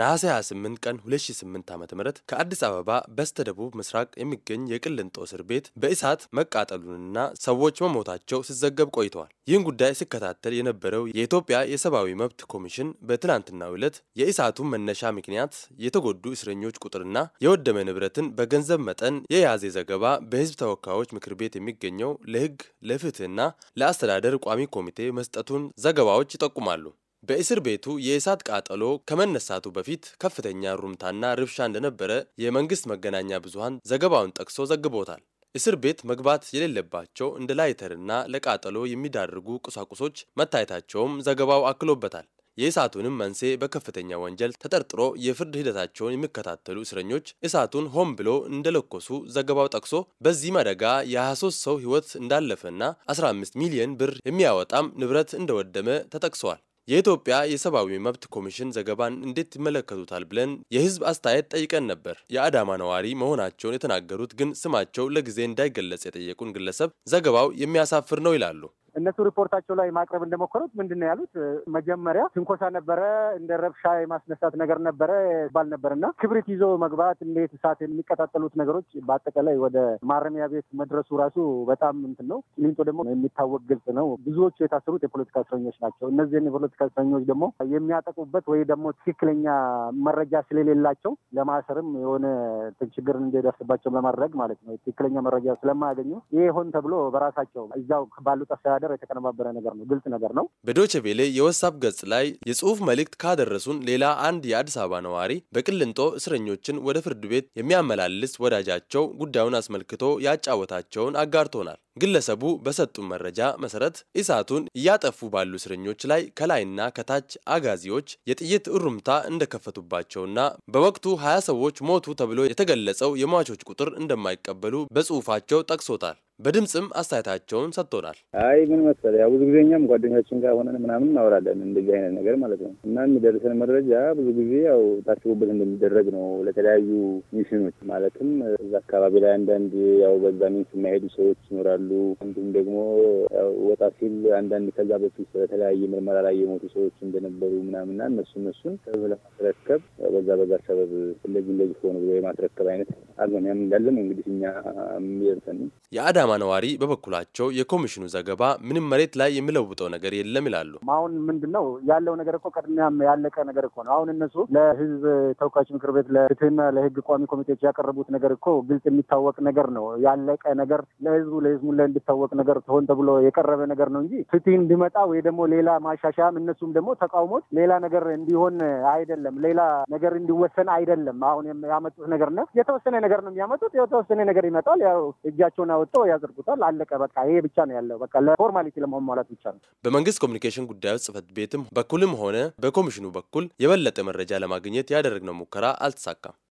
ነሐሴ 28 ቀን 2008 ዓ ም ከአዲስ አበባ በስተደቡብ ምስራቅ የሚገኝ የቅልንጦ እስር ቤት በእሳት መቃጠሉንና ሰዎች መሞታቸው ሲዘገብ ቆይተዋል። ይህን ጉዳይ ሲከታተል የነበረው የኢትዮጵያ የሰብአዊ መብት ኮሚሽን በትናንትናው ዕለት የእሳቱን መነሻ ምክንያት፣ የተጎዱ እስረኞች ቁጥርና የወደመ ንብረትን በገንዘብ መጠን የያዘ ዘገባ በህዝብ ተወካዮች ምክር ቤት የሚገኘው ለህግ ለፍትህና ለአስተዳደር ቋሚ ኮሚቴ መስጠቱን ዘገባዎች ይጠቁማሉ። በእስር ቤቱ የእሳት ቃጠሎ ከመነሳቱ በፊት ከፍተኛ ሩምታና ርብሻ እንደነበረ የመንግስት መገናኛ ብዙሃን ዘገባውን ጠቅሶ ዘግቦታል። እስር ቤት መግባት የሌለባቸው እንደ ላይተርና ለቃጠሎ የሚዳርጉ ቁሳቁሶች መታየታቸውም ዘገባው አክሎበታል። የእሳቱንም መንስኤ በከፍተኛ ወንጀል ተጠርጥሮ የፍርድ ሂደታቸውን የሚከታተሉ እስረኞች እሳቱን ሆን ብሎ እንደለኮሱ ዘገባው ጠቅሶ በዚህም አደጋ የ23 ሰው ሕይወት እንዳለፈና 15 ሚሊዮን ብር የሚያወጣም ንብረት እንደወደመ ተጠቅሰዋል። የኢትዮጵያ የሰብአዊ መብት ኮሚሽን ዘገባን እንዴት ይመለከቱታል ብለን የህዝብ አስተያየት ጠይቀን ነበር። የአዳማ ነዋሪ መሆናቸውን የተናገሩት ግን ስማቸው ለጊዜ እንዳይገለጽ የጠየቁን ግለሰብ ዘገባው የሚያሳፍር ነው ይላሉ። እነሱ ሪፖርታቸው ላይ ማቅረብ እንደሞከሩት ምንድን ነው ያሉት? መጀመሪያ ትንኮሳ ነበረ፣ እንደ ረብሻ የማስነሳት ነገር ነበረ ባል ነበር እና ክብሪት ይዞ መግባት እንዴት እሳት የሚቀጣጠሉት ነገሮች በአጠቃላይ ወደ ማረሚያ ቤት መድረሱ ራሱ በጣም እንትን ነው። ቂሊንጦ ደግሞ የሚታወቅ ግልጽ ነው። ብዙዎቹ የታሰሩት የፖለቲካ እስረኞች ናቸው። እነዚህን የፖለቲካ እስረኞች ደግሞ የሚያጠቁበት ወይ ደግሞ ትክክለኛ መረጃ ስለሌላቸው ለማሰርም የሆነ ችግር እንዲደርስባቸው ለማድረግ ማለት ነው። ትክክለኛ መረጃ ስለማያገኙ ይሄ ሆን ተብሎ በራሳቸው እዛው ባሉት አስተዳደር የተቀነባበረ ነገር ነው፣ ግልጽ ነገር ነው። በዶቼ የወሳብ ገጽ ላይ የጽሁፍ መልእክት ካደረሱን ሌላ አንድ የአዲስ አበባ ነዋሪ በቅልንጦ እስረኞችን ወደ ፍርድ ቤት የሚያመላልስ ወዳጃቸው ጉዳዩን አስመልክቶ ያጫወታቸውን አጋርቶናል። ግለሰቡ በሰጡን መረጃ መሰረት እሳቱን እያጠፉ ባሉ እስረኞች ላይ ከላይና ከታች አጋዚዎች የጥይት እሩምታ እንደከፈቱባቸውና በወቅቱ ሀያ ሰዎች ሞቱ ተብሎ የተገለጸው የሟቾች ቁጥር እንደማይቀበሉ በጽሁፋቸው ጠቅሶታል። በድምፅም አስተያየታቸውን ሰጥቶናል። አይ ምን መሰለህ ያው ብዙ ጊዜ እኛም ጓደኞቻችን ጋር ሆነን ምናምን እናወራለን እንደዚህ አይነት ነገር ማለት ነው እና የሚደርሰን መረጃ ብዙ ጊዜ ያው ታስቦበት እንደሚደረግ ነው ለተለያዩ ሚሽኖች ማለትም እዛ አካባቢ ላይ አንዳንድ ያው በዛ ሚንስ የማይሄዱ ሰዎች ይኖራሉ። እንዲሁም ደግሞ ወጣ ሲል አንዳንድ ከዛ በፊት በተለያየ ምርመራ ላይ የሞቱ ሰዎች እንደነበሩ ምናምና እነሱ እነሱን ሰብ ለማስረከብ በዛ በዛ ሰበብ እንደዚህ እንደዚህ ከሆኑ ብሎ የማስረከብ አይነት አዝማሚያም እንዳለም እንግዲህ እኛ የሚደርሰን የአዳ የሲዳማ ነዋሪ በበኩላቸው የኮሚሽኑ ዘገባ ምንም መሬት ላይ የሚለውጠው ነገር የለም ይላሉ። አሁን ምንድን ነው ያለው ነገር እኮ ቀድሚያም ያለቀ ነገር እኮ ነው። አሁን እነሱ ለህዝብ ተወካዮች ምክር ቤት ለፍትህና ለህግ ቋሚ ኮሚቴዎች ያቀረቡት ነገር እኮ ግልጽ የሚታወቅ ነገር ነው። ያለቀ ነገር ለህዝቡ ለህዝቡ ላይ እንዲታወቅ ነገር ሆን ተብሎ የቀረበ ነገር ነው እንጂ ፍትህ እንዲመጣ ወይ ደግሞ ሌላ ማሻሻያም እነሱም ደግሞ ተቃውሞት ሌላ ነገር እንዲሆን አይደለም፣ ሌላ ነገር እንዲወሰን አይደለም። አሁን ያመጡት ነገር ነው የተወሰነ ነገር ነው የሚያመጡት። የተወሰነ ነገር ይመጣል። ያው እጃቸውን አወጥተው ያደርጉታል። አለቀ በቃ ይሄ ብቻ ነው ያለው። በቃ ለፎርማሊቲ ለማሟላት ብቻ ነው። በመንግስት ኮሚኒኬሽን ጉዳዮች ጽህፈት ቤትም በኩልም ሆነ በኮሚሽኑ በኩል የበለጠ መረጃ ለማግኘት ያደረግነው ሙከራ አልተሳካም።